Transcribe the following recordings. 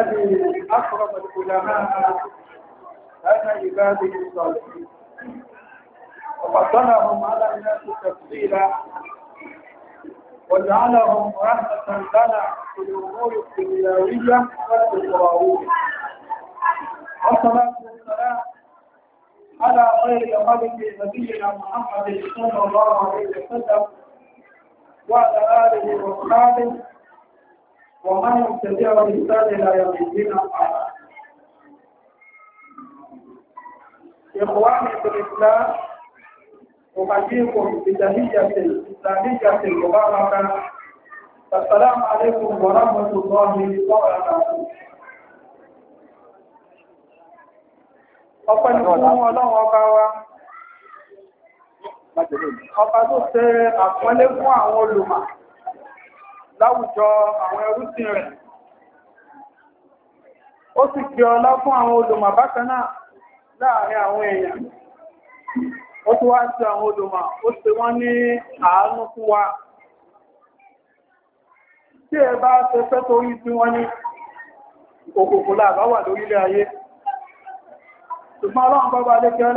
الذي أقرب العلماء أنا عباده الصالحين وفضلهم على الناس تفضيلا وجعلهم رحمة لنا في الأمور الدنيوية والأخروية والصلاة والسلام على خير خلق نبينا محمد صلى الله عليه وسلم وعلى آله وأصحابه ومن يبتدع الإنسان لا يمكن أن إخواني في الإسلام أحييكم بتحية الإسلامية المباركة السلام عليكم ورحمة الله وبركاته ọpẹ́ ní fún ọlọ́run ọba wa ọba tó ṣe àpọ́nlé fún àwọn olùmọ̀ láwùjọ àwọn ẹrúsìn rẹ̀ ó sì fi ọlá fún àwọn olùmọ̀ bákan náà láàrin àwọn èèyàn ó tó wá sí àwọn olùmọ̀ ó ṣe wọ́n ní àánú fún wa tí ẹ bá ṣe fẹ́ torí tí wọ́n ní òkòkò láàbá lórílẹ̀ ayé ṣùgbọ́n ọlọ́run bọ́bá lékẹ́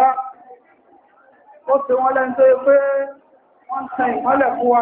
ó ṣe wọ́n lẹ́ni tó yẹ pé wọ́n ń tan ìmọ́lẹ̀ fún wa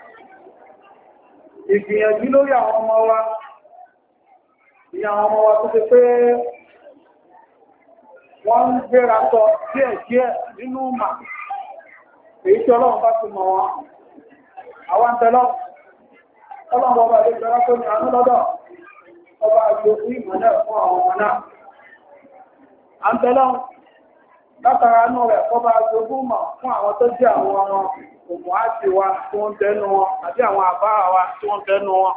ìgbìyànjú lórí àwọn ọmọ wa ní àwọn ọmọ wa tó ti pé wọ́n ń gbéra sọ díẹ̀ díẹ̀ nínú mà èyí tí ọlọ́run bá ti mọ̀ wọn àwọn tẹ́lọ́ ọlọ́run ọba àti tó ní ọba látara náà rẹ̀ kọ́ bá jogún mọ̀ fún àwọn tó jẹ́ àwọn ọmọ òmùá ti wa tí wọ́n tẹnu wọn àti àwọn àbá wa tí wọ́n tẹnu wọn.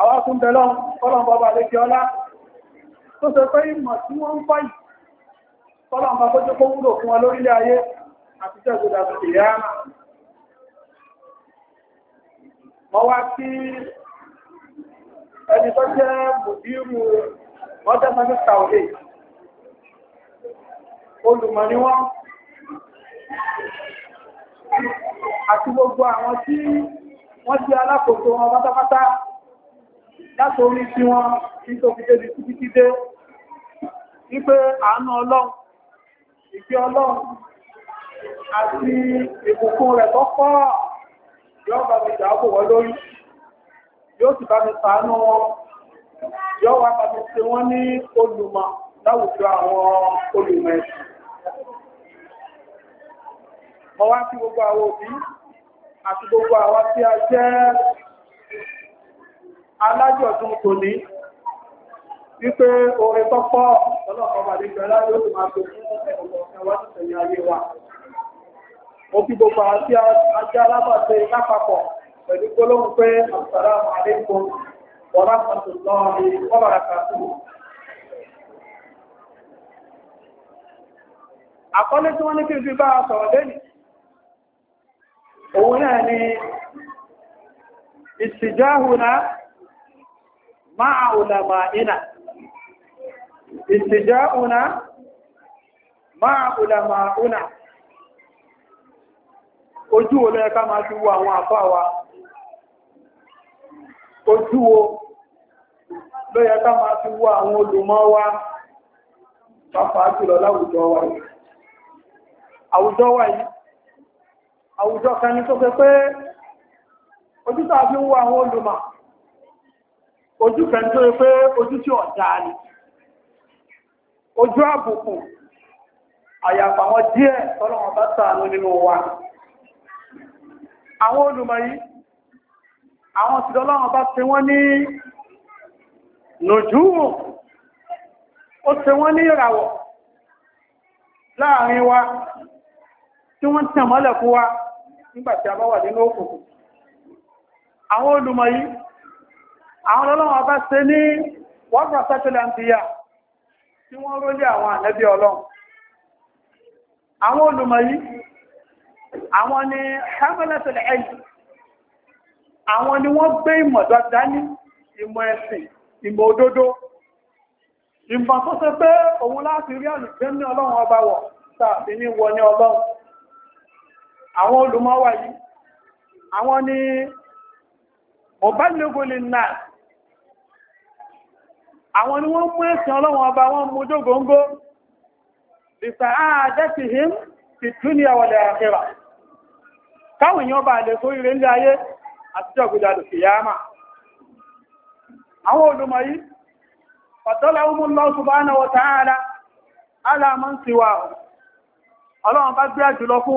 àwọn tún bẹ lọ́n kọ́lọ́n bọ́ba lékè ọlá tó ṣe pé ìmọ̀ tí wọ́n ń fọ́ yìí kọ́lọ́n bá kójú kó wúlò fún wọn lórílẹ̀ ayé àti tẹ̀síọ̀dà tó lè yá mà. wá kí ẹni tó jẹ́ mùdírù mọ́tẹ́mọ́tẹ́ tàwé olùmọ̀ ni wọ́n àti gbogbo àwọn tí wọ́n ti alákòóso wọn pátápátá láti orí tí wọ́n tí tó fi dé títí títí dé wípé àánú ọlọ́run ìfẹ́ ọlọ́run àti ìbùkún rẹ̀ tó pọ̀ yóò bá mi dáàbò wọ́n lórí yóò sì bá mi ṣàánú wọn yóò wá bá mi ṣe wọ́n ní olùmọ̀ láwùjọ àwọn olùmọ̀ ẹ̀sìn mọ́ wá sí gbogbo àwọn òbí àti gbogbo àwa tí a jẹ́ alájọ̀dún tò ní wípé oore tọ́pọ̀ ọlọ́pọ̀ Pẹ̀lú gbólóhùn pé Assalamu alaikum wa rahmatullahi wa barakatuh. Àkọ́lé tí wọ́n ní kí n fi bá sọ̀rọ̀ lẹ́nìí, òun náà ni ìsìjáhùná máa ulàmà ìnà ìsìjáhùná máa ulàmà ìnà ojú wo lẹ́ẹ̀ká máa fi wo àwọn àfá wa ojú wo lẹ́ẹ̀ká máa fi wo àwọn olùmọ̀ wa pàápàá jùlọ láwùjọ wa yìí àwùjọ wa yìí àwùjọ kan ní tó fẹ́ pé ojútà fi ń wo àwọn olùmọ̀ ojú kan tó pé ojú tí ọ̀dá ni ojú àbùkù àyàfà wọn díẹ̀ tọ́lọ́wọ́n bá sàánú nínú wa àwọn olùmọ̀ yìí àwọn ti lọ́lọ́wọ́n bá ṣe wọ́n ní nùjúwò ó ṣe wọ́n ní ìràwọ̀ láàrin wa tí wọ́n tẹ̀mọ́lẹ̀ fún wa nígbà tí a bá wà nínú òkùnkùn àwọn olùmọ̀ yìí àwọn ọlọ́wọ́ bá ṣe ní wọ́n bá sẹ́tìlẹ̀ ń bíyà tí wọ́n ró lé àwọn ànẹ́bí ọlọ́run àwọn olùmọ̀ yìí àwọn ni hamilton ẹ̀yìn àwọn ni wọ́n gbé ìmọ̀ dání ìmọ̀ ẹ̀sìn ìmọ̀ òdodo ìmọ̀ tó ṣe pé òun láti rí àlùjẹ́ ní ọlọ́run ọba wọ̀ tàbí ní wọ ní ọlọ́run àwọn olùmọ́wà yìí àwọn ni mọ̀bálógólè náà àwọn ni wọ́n mú ẹ̀sìn ọlọ́wọ́n ọba wọ́n mú dógóngó ìfà àádẹ́sì him ti dúnìyà wọlẹ̀ àkẹrà káwọn èèyàn bá lè sórí rẹ̀ ayé àti gbogbo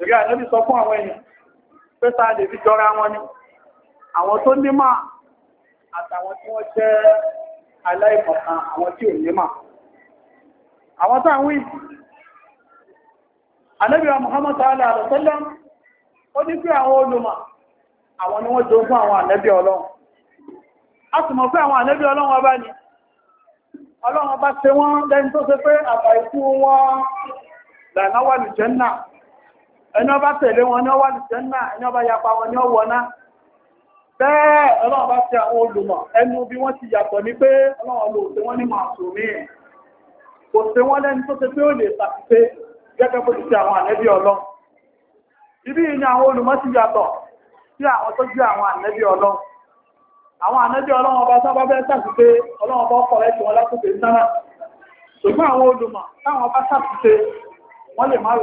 Ìrí àjẹ́bí sọ fún àwọn èèyàn pé sáà lè fi jọra wọn ni. Àwọn tó nímọ̀ àtàwọn tí wọ́n jẹ́ aláìmọ̀kan àwọn tí ò nímọ̀. Àwọn táwọn ìdí. Ànábì wa Muhammad sallallahu alaihi wasallam ó ní pé àwọn olùmọ̀ àwọn ni wọ́n jọ fún àwọn ànábì Ọlọ́run. A sì mọ̀ pé àwọn ànábì Ọlọ́run ọba ni. Ọlọ́run ọba ṣe wọ́n lẹ́ni tó ṣe pé àbàìkú wọn lànáwà lùjẹ́ náà ẹni ọba tẹ̀lé wọn ní ọwà nìjẹ́ náà ẹni ọba yapa wọn ní ọwọ́ náà bẹ́ẹ̀ ọlọ́run bá ti àwọn olùmọ̀ ẹnu bí wọ́n ti yàtọ̀ ní pé ọlọ́run lò sí wọ́n ní màsùmí kò sí wọ́n lẹ́ni tó ṣe pé ó lè ṣàtìpé gẹ́gẹ́ bó ti ṣe àwọn ànẹ́bí ọlọ́run ibi ni àwọn olùmọ̀ ti yàtọ̀ sí àwọn tó jẹ́ àwọn ànẹ́bí ọlọ́run àwọn ànẹ́bí ọlọ́run ọba sábà bẹ́ẹ̀ ṣàtìpé ọlọ́run ọba ọkọ̀ rẹ̀ tí wọ́n lásìkò ìsáná ṣùgbọ́n àwọn olùmọ̀ táwọn bá ṣàtìpé wọ́n lè má rí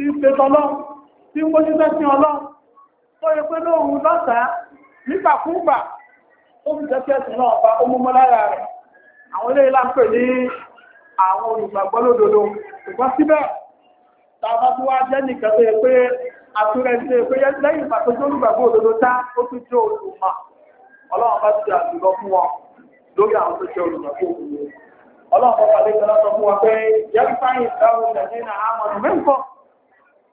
tí ń pẹ̀tọ́ lọ tí ń wọ́jú tẹ́sí ọlọ́ tó yẹ pé lóòrùn lọ́sàá nígbàkúgbà ó fi tẹ́sí ẹ̀sìn náà bá ó múmọ́ lára rẹ̀ àwọn ilé ìlà ń pè ní àwọn olùgbàgbọ́ lódodo ṣùgbọ́n síbẹ̀ tàbá tó wá jẹ́ nìkan tó yẹ pé àtúrẹ́ sí pé lẹ́yìn ìgbà tó olùgbàgbọ́ òdodo tá ó tún jẹ́ olùmọ̀ ọlọ́run bá ti dà jùlọ fún wọn lórí àwọn tó jẹ́ olùgbàgbọ́ òdodo ọlọ́run bá pàdé kan lọ́sọ fún wa pé yẹ́n fáyìn ìdáwó nàìjíríà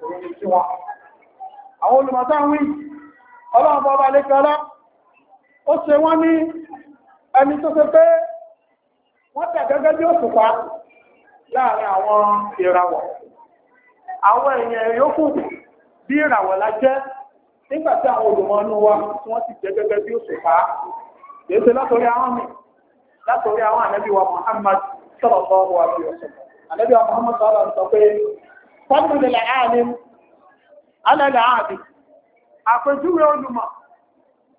òun ni wọn àwọn olùmọ̀táwí ọlọ́ọ̀bọ̀ ọba lẹ́kọ́lá ó ṣe wọ́n ní ẹni tó ṣe pé wọ́n tẹ̀ gẹ́gẹ́ bí òṣùpá láàrin àwọn ìràwọ̀ àwọn èèyàn bí ìràwọ̀ nígbàtí àwọn olùmọ̀nú wa tí wọ́n ti jẹ́ gẹ́gẹ́ bí òṣùpá lèṣe látòrí àwọn fọ́dún lè láàrin alẹ́lẹ̀ ààbì àpèjúwe olùmọ̀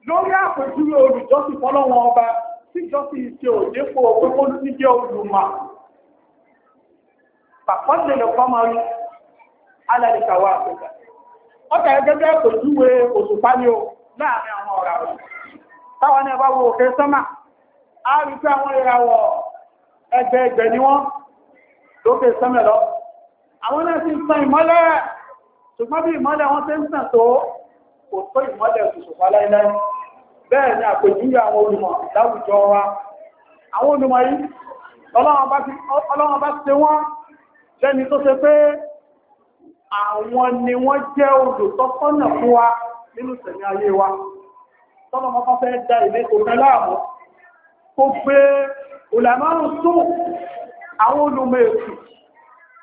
lórí àpèjúwe olùjọ́sìn fọ́lọ́wọ́n ọba tí jọ́sìn ìṣe òdépò pípọ́ ní jẹ́ olùmọ̀ pàpọ́dún lè alẹ́lẹ̀ kàwà àpèjá ọkà lókè sọ́mẹ̀ àwọn náà ti ń tan ìmọ́lẹ̀ ṣùgbọ́n bí ìmọ́lẹ̀ wọn ti ń tàn tó kò tó ìmọ́lẹ̀ òṣùpá láíláí bẹ́ẹ̀ ni àpèjúwe àwọn olùmọ̀ láwùjọ wa àwọn olùmọ̀ yìí ọlọ́wọ́n bá ṣe wọ́n lẹ́ni tó ṣe pé àwọn ni wọ́n jẹ́ olùtọ́sọ́nà fún wa nínú tẹ̀mí ayé wa tọ́lọ mọ́ fẹ́ da ilé òfẹ́ láàmú kó gbé olàmọ́rùn-ún tún àwọn olùmọ̀ èkù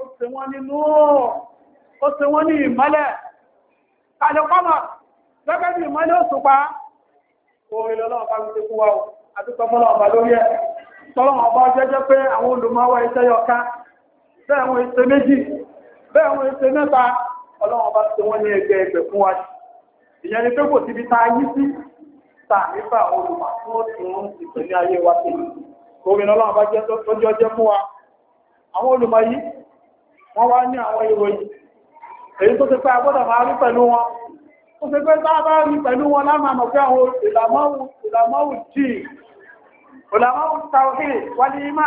ó ṣe wọ́n ní lóòrùn ó ṣe wọ́n ní ìmọ́lẹ̀ kàlẹ̀kọ́mọ̀ gẹ́gẹ́ bí ìmọ́lẹ̀ òṣùpá ìyẹn ni pé kò síbi tá a yí sí tàbífà olùmọ̀ tí ó tún ìpínlẹ̀ ayé wa sí orin lọ́lọ́wọ́ bá jẹ́ tó jẹ́ fún wa àwọn olùmọ̀ yìí wọ́n wá ní àwọn ìròyìn èyí tó ti pẹ́ agbọ́dọ̀ máa rí pẹ̀lú wọn ó ti pẹ́ tá bá rí pẹ̀lú wọn lámàmọ̀ pé àwọn ìlàmọ́wù jì ìlàmọ́wù tàwí wálé ìmá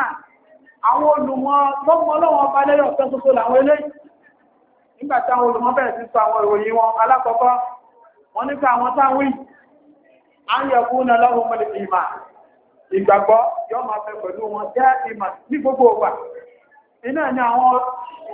àwọn olùmọ̀ lọ́gbọ́n lọ́wọ́n bá lẹ́yọ̀ pẹ́ tó tó làwọn eléyìí nígbà tí àwọn olùmọ̀ bẹ̀rẹ̀ sí sọ àwọn ìròyìn wọn alákọ̀ọ́kọ́ wọ́n nípa àwọn táwí á ń yẹ̀kú náà ìgbàgbọ́ yọ́ máa fẹ́ pẹ̀lú wọn jẹ́ ìmà ní gbogbo ògbà iná ni àwọn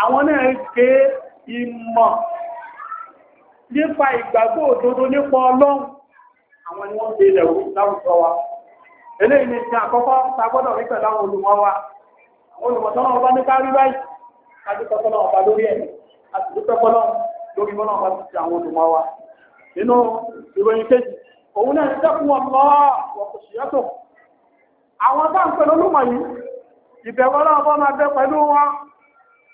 àwọn náà ege ìmọ̀ nípa ìgbàgbọ́ òdodo nípa ọlọ́run àwọn ni wọ́n gbé ilẹ̀wò láwùjọ wa eléyìí ni ti àkọ́kọ́ ta gbọ́dọ̀ olùmọ̀ wa àwọn olùmọ̀ bá ní ká rí báyìí kájú pẹ́pẹ́ bá lórí ẹ̀ àti lórí bá ti àwọn wa nínú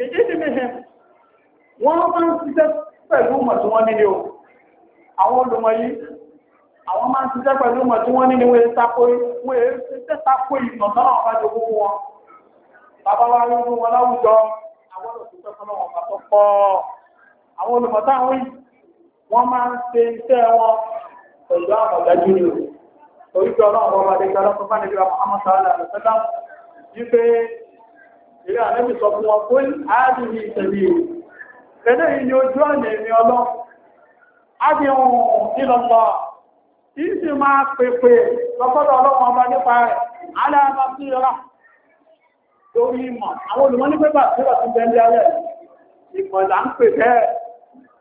wọ́n máa ń o àwọn olùmọ̀ yìí àwọn máa ń ṣiṣẹ́ pẹ̀lú mọ̀ tí wọ́n nílé wọ́n tako wọ́n ṣiṣẹ́ tako ìmọ̀ náà bá ti gbogbo wọn bàbá wa rí fún wọn láwùjọ àwọn olùsọ̀tọ̀ fún wọn bá tó pọ̀ àwọn olùmọ̀ táwọn yìí wọ́n máa ń ṣe iṣẹ́ o torí pé ọlọ́run ọba ìrẹ́ àlẹ́bì sọ fún wọn fún àádìí ìtẹ̀lẹ̀ ìwò pẹ̀lẹ́ ìní ojú ọ̀nà èmi ọlọ́ adìhun ìlọ́pọ̀ tí sì máa pèpè lọ́pọ̀lọ́ ọlọ́pọ̀ ọba nípa rẹ̀ aláàbá sí ọlá lórí ìmọ̀ àwọn olùmọ́ ní pépà tí ó ti bẹ̀rẹ̀ alẹ́ ìmọ̀lá ń pè bẹ́ẹ̀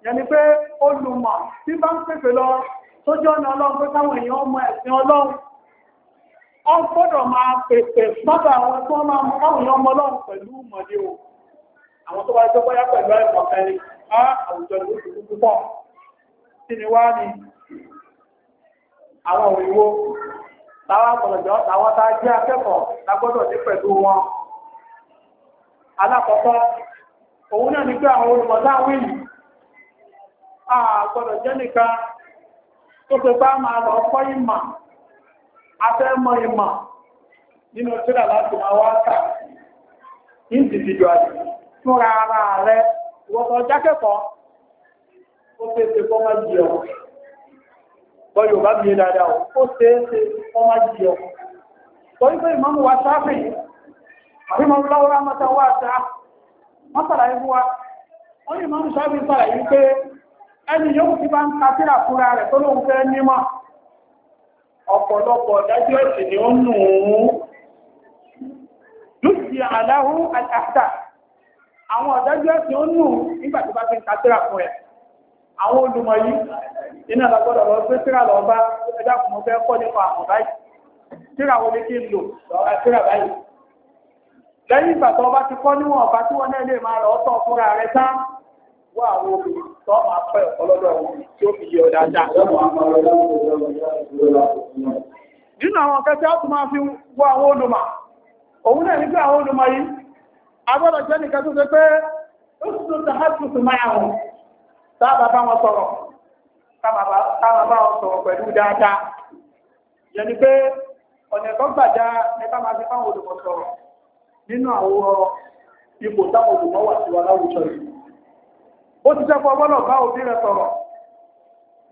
yẹn ni pé olùmọ̀ tí bá ń pèpè lọ sójú ọ̀nà ọlọ́run pé káwọn èèyàn ọmọ ẹ̀sìn ọlọ́run wọ́n gbọ́dọ̀ máa pèpè sọ́dọ̀ àwọn tó máa mú káwọn yọ ọmọ lọ́rùn pẹ̀lú mọ̀lẹ́ o àwọn tó bá jọ bọ́yá pẹ̀lú ẹ̀kọ́ kẹrin á àwùjọ ìlú tuntun púpọ̀ kí ni wá ni àwọn òyìnbó táwọn àpọ̀lọ̀jọ́ táwọn tá a jẹ́ akẹ́kọ̀ọ́ la gbọ́dọ̀ ní pẹ̀lú wọn alákọ̀ọ́kọ́ òun náà ní pé àwọn olùmọ̀láwí àgbọ̀dọ̀ jẹ́ afẹ́mọ́ ìmọ̀ nínú tíra láti máa wá individual fúnra ara rẹ̀ wọ́n jákẹ́kọ̀ọ́ ó tẹ́ẹ̀tẹ́ kọ́ má jí ọ bọ́ Yorùbá ó tẹ́ẹ̀tẹ́ kọ́ ọ torí pé ìmọ̀mù wa sáfì àbí wọ́n wa wọ́n ìmọ̀mù ẹni yóò bá ń ka ọ̀pọ̀lọpọ̀ dájú ọ̀sìn ni ó nù ún lùsì aláhù àtàtà àwọn ọ̀dájú ọ̀sìn ó nù nígbà tó bá fi ń ta síra fún ẹ̀ àwọn olùmọ̀ yìí iná lọ́gbọ́dọ̀ lọ pé síra lọ bá ẹjá kùn mọ́ fẹ́ kọ́ nípa àwọn báyìí síra wo ni kí n lò síra báyìí lẹ́yìn ìgbà tó bá ti kọ́ níwọ̀n ọ̀bá tí wọ́n náà lè máa lọ sọ fúnra rẹ̀ sáà wá àwọn obìnrin tó máa fẹ́ ọlọ́dọ̀ wọn tí ó fi yẹ ọ̀dà dá. nínú àwọn kẹta tó máa fi wá àwọn olùmọ̀ òun náà nígbà àwọn olùmọ̀ yìí agbọ́dọ̀ jẹ́ nìkan tó ṣe pé ó sì tó hàtù máa wọn sọ̀rọ̀ wọn sọ̀rọ̀ pẹ̀lú dáadáa ó ti sẹ́kọ̀ọ́ gbọ́dọ̀ bá òbí rẹ̀ sọ̀rọ̀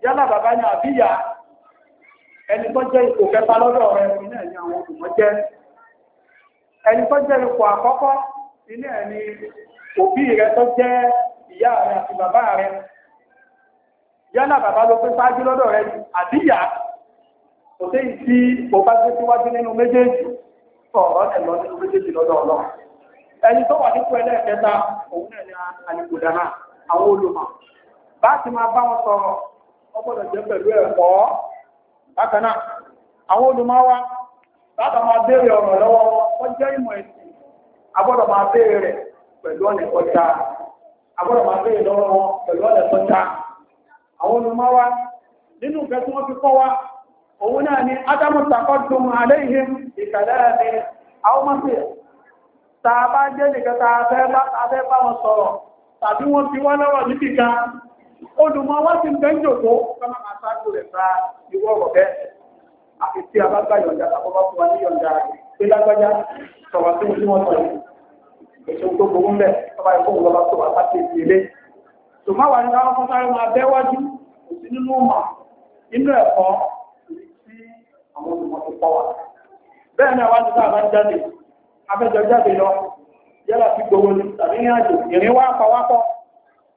yálà bàbá ni àbíyà ẹni tó jẹ́ ipò kẹta lọ́dọ̀ rẹ̀ ilé ẹ̀ni àwọn òkùnmọ́ jẹ́ ẹni tó jẹ́ ipò àkọ́kọ́ ilé ẹ̀ni òbí rẹ̀ tó jẹ́ ìyá rẹ̀ àti bàbá rẹ̀ yálà bàbá ló pé sáájú lọ́dọ̀ rẹ̀ àbíyà kò sí ìsí ipò bá gbé síwájú nínú méjèèjì ọ̀rọ̀ ẹ̀ lọ nínú méjèèjì lọ́dọ̀ ọlọ́ ẹni tó wà nípò ẹlẹ́ẹ̀kẹta òun náà ni àlìkò dáná àwọn olùmọ̀ bá ti máa bá wọn sọ̀rọ̀ ó gbọ́dọ̀ jẹ́ pẹ̀lú ẹ̀kọ́ bákan àwọn olùmọ̀ wa bàbá máa béèrè ọ̀rọ̀ lọ́wọ́ wọ́n jẹ́ ìmọ̀ ẹ̀sìn a gbọ́dọ̀ máa béèrè rẹ̀ pẹ̀lú ọ̀nà ìkọjá a gbọ́dọ̀ máa béèrè lọ́wọ́ wọn pẹ̀lú ọ̀nà ìkọjá àwọn olùmọ̀ wa nínú ìfẹ́ tí wọ́n fi kọ́ wa òun náà ni ádámù tàkọ́dùn aléìhìm ìkàlẹ́ ẹni àwọn mọ́sí tàbá jẹ́ nìkan tàbẹ́ bá wọn sọ̀rọ̀ tàbí wọ́n fi wá láwà níbi kan olùmọ̀ wá ti bẹ́ ń jòkó kọ́nà máa sáàkù rẹ̀ bá ìwọ́ ọ̀rọ̀ bẹ́ẹ̀ àfi tí a bá gbà yọ̀ǹda àkọ́kọ́ fún wa ní yọ̀ǹda pé lágbájá sọ̀rọ̀ sí ojú wọn sọ̀rọ̀ èso tó gbogbo mẹ́ ọba ẹ̀kọ́ òun lọ́ba tó wà sáàkì ìdílé tòmá wà ní káwọn fọ́nsáre máa bẹ́ wájú kò yálà fi gbogbo ní tàbí ní àjò ìrìn wá pàwápọ̀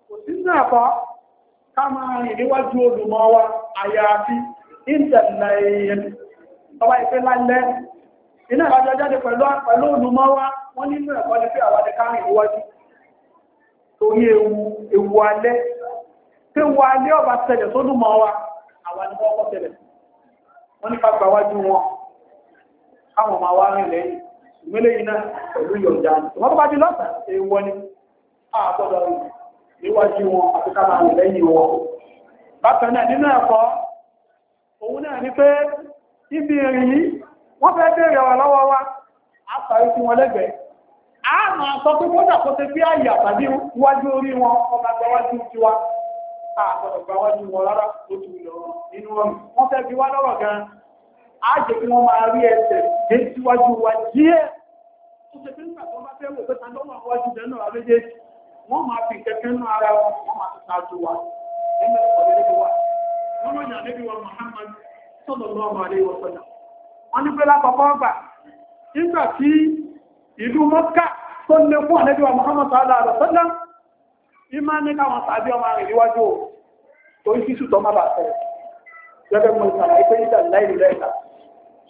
kò sí ní àpá ká máa rìn níwájú olùmọ̀ wa àyàfi ìtẹ̀lẹ̀ èèyàn ọba ìfẹ́ lálẹ́ iná ìwájọ́ jáde pẹ̀lú olùmọ̀ wa wọ́n nínú ẹ̀kọ́ ní pé àwádẹ ká rìn níwájú torí ewu alẹ́ pé wọ alẹ́ ọba tẹ̀lẹ̀ tó lùmọ̀ wa àwọn ni wọ́n kọ́ tẹ̀lẹ̀ wọ́n ní ká gbàwájú wọn káwọn máa wá rìn lẹ́yìn ìmẹ́lẹ̀ iná pẹ̀lú yọ̀ǹda wọ́n bá jí lọ́sà èèwọ̀ ni àbọ̀dọ̀ níwájú wọn àfikàmà lẹ́yìn wọn bákan náà nínú ẹ̀kọ́ òun náà ni pé ibi èrì yìí wọ́n fẹ́ bèèrè ọ̀rọ̀ lọ́wọ́ wa a parí sí wọn lẹ́gbẹ̀ẹ́ a máa sọ pé kódà kó ṣe fi àyà tàbí wájú orí wọn ọmọ agbáwájú tiwa àbọ̀dọ̀ gbáwájú wọn rárá ó ti lọ nínú ọ̀rọ̀ wọ́n fẹ́ fi wá lọ́rọ̀ gan-an á jẹ́ kí wọ́n máa rí ẹsẹ̀ dé síwájú wa díẹ̀ tó ṣe pé nígbà tó bá fẹ́ wò pé ta lọ́wọ́ àwájú jẹ́ náà méjèèjì wọ́n máa fi kẹ́kẹ́ nú ara wọn wọ́n máa ti ṣáájú wa nínú ọ̀rẹ́ níbi wa wọ́n lọ́jà níbi wa Muhammad sọ́dọ̀ lọ́wọ́ àlẹ́ ìwọ̀ sọ́dọ̀ wọ́n ní pé lápapọ̀ ọgbà nígbà tí ìlú Mọ́kà tó lè fún àlẹ́bí wa Muhammad sọ́dọ̀ àlọ́ sọ́dọ̀ ìmá ní káwọn tàbí ọmọ rẹ̀ níwájú tó ń fi sùtọ́ má bàa gẹ́gẹ́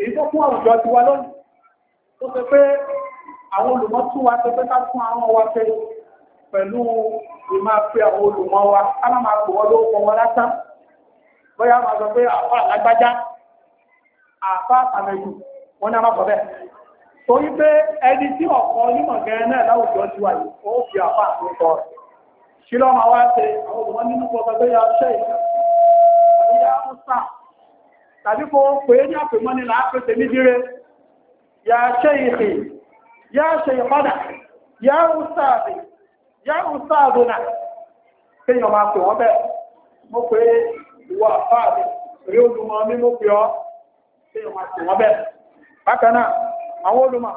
èyí tó fún àwùjọ ti wa lọ́nà tó sọ pé àwọn olùmọ̀ tún wa sọ pé ká fún àwọn wa fẹ́ pẹ̀lú ìmá pé àwọn olùmọ̀ wa ká má máa pò wọ́n lórúkọ wọn lásán bóyá máa sọ pé àfa àlágbájá àfa àmẹ́jù wọn ní a máa sọ bẹ́ẹ̀ torí pé ẹni tí ọ̀pọ̀ onímọ̀ gẹ̀rẹ́ náà láwùjọ ti wà yìí ó fi àfa àtúntọ̀ rẹ̀ ṣílọ́mà wá ṣe àwọn tàbí kó pè ní àpèmọ́ ní láàpẹsẹ̀ nídíre ya ṣe ya ṣe ìfọ́dà ya ustazi ya ustazuna kíyàn máa pè wọ́n bẹ́ẹ̀ mo pè ìwọ àfáàdì rí olùmọ̀ mi mo pè ọ́ kíyàn máa pè wọ́n bẹ́ẹ̀ bákanáà àwọn olùmọ̀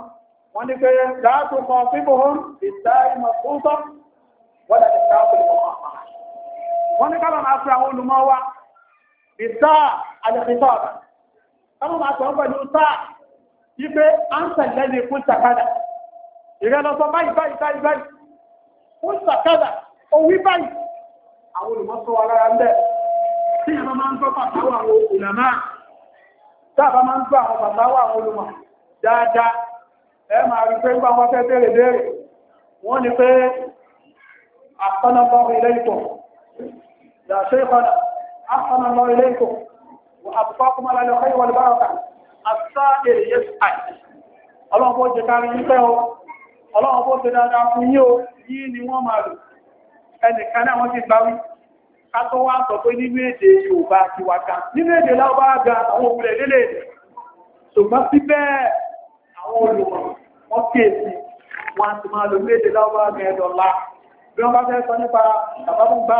wọ́n ní pé láàtò ìsáà àdàkìtọ́ ọmọ máa sọ pẹ̀lú sáà wípé à ń tẹ̀lé ní fún sàkádà ìrẹ́lọ́sọ báyìí báyìí báyìí báyìí fún sàkádà òwí báyìí àwọn olùmọ́sọ alára ńlẹ̀ tí a máa ń gbọ́ pàtàwà àwọn ìlànà tàbá máa ń gbọ́ àwọn pàtàwà àwọn olùmọ̀ dáadáa ẹ máa rí pé gbọ́ wọ́n fẹ́ bẹ̀rẹ̀ bẹ̀rẹ̀ wọ́n ní pé àpọ́nàbọ̀ ilé ìtọ̀ yà ṣe ìkọ́nà أحسن الله إليكم وأبقاكم على الخير والبركة السائل يسأل ọlọ́run bó jẹ kárí ń fẹ́ ọ ọlọ́run bó o ni wọ́n máa lò ẹnìkan náà wọ́n ti gbá wí wá sọ pé nínú èdè ti wà nínú èdè ga àwọn òwúrẹ̀ lélẹ̀ àwọn olùmọ̀ wọ́n wọ́n ti máa lò èdè bá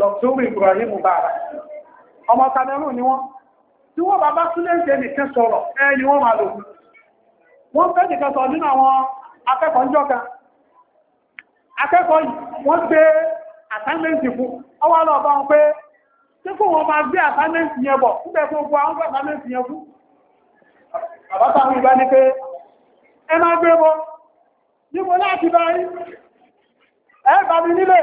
dọ̀túrù Ibrahim Baara, ọmọ Cameroon ni wọ́n tí wọ́n bàbá súlẹ̀ǹtẹ̀ nìkan sọ̀rọ̀ ẹ́ wọ́n máa lò wọ́n fẹ́ nìkan sọ nínú àwọn akẹ́kọ̀ọ́ ńjọ́ akẹ́kọ̀ọ́ yìí wọ́n gbé fún lọ bá wọn pé tí kò wọ́n máa gbé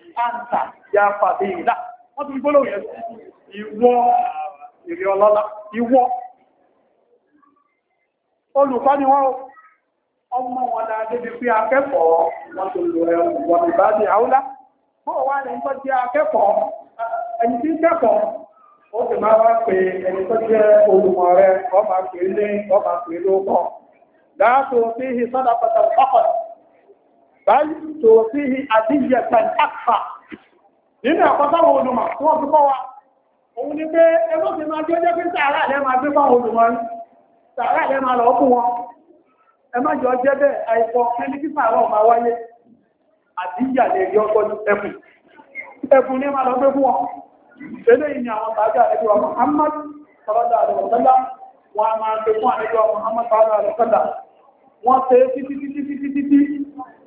àǹtà ya fàdé ìlà wọ́n ti gbóló yẹn sí ìwọ ìrì ọlọ́lá ìwọ olùkọ́ ni wọ́n ọmọ wọn náà débi pé akẹ́kọ̀ọ́ wọn tó lò wọn àúlá ní báyìí tó sí àdíyẹ̀ pẹ̀lú àkfà nínú àkọ́sáwọn olùmọ̀ tí wọ́n fi kọ́ wa òun ni pé ẹgbẹ́ ti máa jẹ́ jẹ́ pé tààrà lẹ́ máa gbé fáwọn olùmọ̀ ní tààrà lẹ́ máa lọ fún wọn ẹ má jọ jẹ́ bẹ́ẹ̀ àìkọ́ ẹni tí fàárọ̀ máa wáyé àdíyà lè rí ọgbọ́n ní ẹkùn ẹkùn ní máa lọ gbé fún wọn eléyìí ni àwọn tààjú àlejò ọmọ Muhammad sọlọ́dà àlejò sọlá wọn a máa gbé fún àlejò ọmọ Muhammad sọlọ́dà àlejò sọlá wọn ṣe títí títí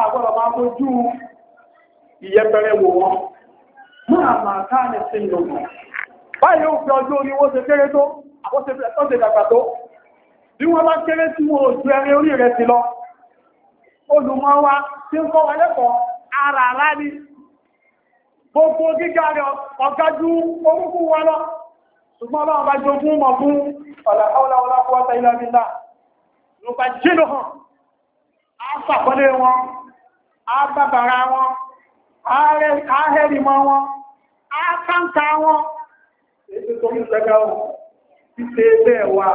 àgbọ́dọ̀ máa mójú ìyẹ́pẹ̀rẹ̀ wò wọn máa máa káàlẹ̀ sí ìlọ́mọ̀ báyìí ó fi ọjọ́ orí wọ́n ṣe kéré tó àkọ́sẹ̀ dàgbà tó bí wọ́n bá kéré tí wọ́n ojú ẹrin orí rẹ̀ sí lọ olùmọ̀ wa tí ń kọ́ wa lẹ́kọ̀ọ́ ara ara ni gbogbo gíga rẹ̀ ọ̀gájú orúkú wa lọ ṣùgbọ́n bá bá jogún mọ̀ fún ọ̀là àbàbàrà wọn àhẹ́rìmọ́ wọn àkáǹkà wọn ètò tó ń sẹ́gá wọn títẹ́ bẹ́ẹ̀ wà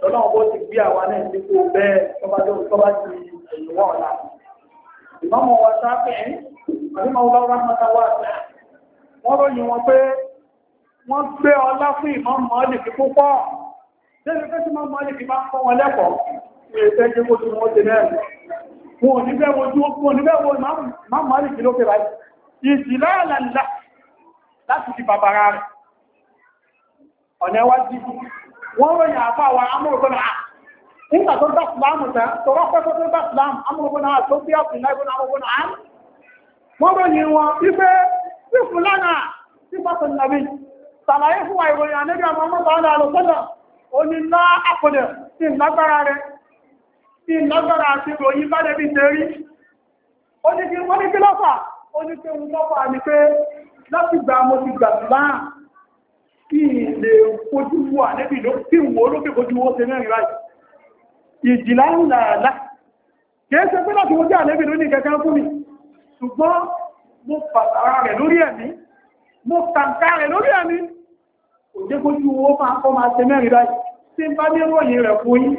lọ́nà ọgbọ́ ti gbé àwa náà nípò bẹ́ẹ̀ tọ́bá ti ẹ̀yìnwọ́ ọ̀la ìmọ́mọ̀ wọn sáfẹ́ àrímọ̀ ọlọ́rọ̀ mọ́ta wà wọ́n ròyìn wọn pé wọ́n gbé ọlá fún ìmọ́mọ̀ ọlẹ́kì púpọ̀ wọn ò níbẹ̀ wo tí wọ́n níbẹ̀ wo máa mọ́lì kí ló pè báyìí ìsìlá àlàlà láti fi bàbára rẹ̀ ọ̀nà ẹwájú wọ́n ròyìn àfà wa amúrògbọ́nà à nígbà tó bá sùlámù tán tó bá pẹ́ tó bá sùlámù amúrògbọ́nà à tó bí ọ̀pìnlẹ̀ ìbọn amúrògbọ́nà à wọ́n ròyìn wọn wípé bí fúlànà tí pàtó nàbí sàlàyé fún wa ìròyìn ànẹ́bí àmọ́ mọ́ta ọ̀nà àlùsọ́nà ó ní ná àpọ̀dẹ̀ sí ìlágbára rẹ̀ tí lọ́gbọ́ra àti ròyìn bá lẹ́bí tẹ́rí ó ní kí wọ́n ní kí lọ́fà ó ní kí wọ́n lọ́fà ní pé láti gbà mo ti gbà láà kí lè kojú wà níbi kí wò ló fi kojú wó ṣe mẹ́rin láì ìjìlá ńlá kìí ṣe pé láti wọ́n jẹ́ àlébì lónìí kẹ́kẹ́ fún mi ṣùgbọ́n mo pàtàrà rẹ̀ lórí ẹ̀mí mo kàǹkà rẹ̀ lórí ẹ̀mí òjé kojú wó máa kọ́ máa ṣe mẹ́rin láì tí ń bá ní ròyìn rẹ̀ fún yín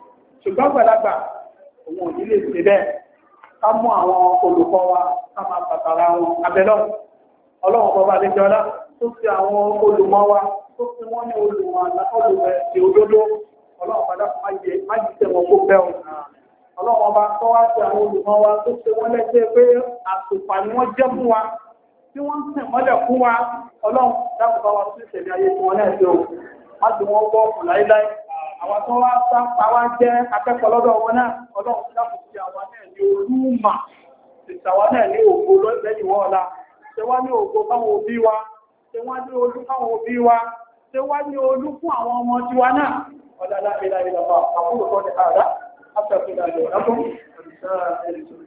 ṣùgbọ́n àgbàlagbà òun ò ní lè ṣe bẹ́ẹ̀ ká mú àwọn olùkọ́ wa ká máa pàtàrà wọn abẹ́lọ́ ọlọ́run bọ́ba àlejò ọlá tó fi àwọn olùmọ̀ wa tó fi wọ́n ní olùmọ̀ àlàkọ́lùmọ̀ ẹ̀sìn òdodo ọlọ́run padà má jí tẹ̀wọ̀n kó bẹ́ẹ̀ ọ̀nà ọlọ́run ọba tó wá sí àwọn olùmọ̀ wa tó ṣe wọ́n lẹ́sẹ̀ pé àtùpà ni wọ́n jẹ́ fún wa tí wọ́n ń sìn mọ́lẹ̀ fún wa ọlọ́run dákùn bá wa sí ìṣẹ̀lẹ̀ ayé tí wọ́n náà ṣe o má sì wọ́n gbọ́ ọ̀pọ̀ láéláé àwọn tó wá sápa wá jẹ́ akẹ́kọ̀ọ́ lọ́dọ̀ wọn náà ọlọ́run ti dákùn sí àwọn náà ní olúmà ìtàwọn náà ní ògo lẹ́yìn wọ́n ọ̀la ṣe wá ní ògo fáwọn òbí wa ṣe wá ní olú fáwọn òbí wa ṣe wá ní olú fún àwọn ọmọ tiwa náà ọ̀dà láìlà ìlàpá àkúrò tó ní àdá afẹ́fẹ́ ìlàpá ìlàpá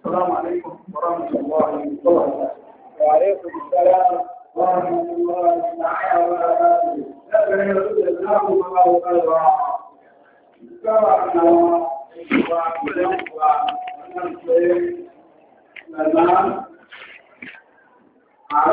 السلام عليكم ورحمة الله وبركاته وعليكم السلام ورحمة الله تعالى وبركاته Gracias.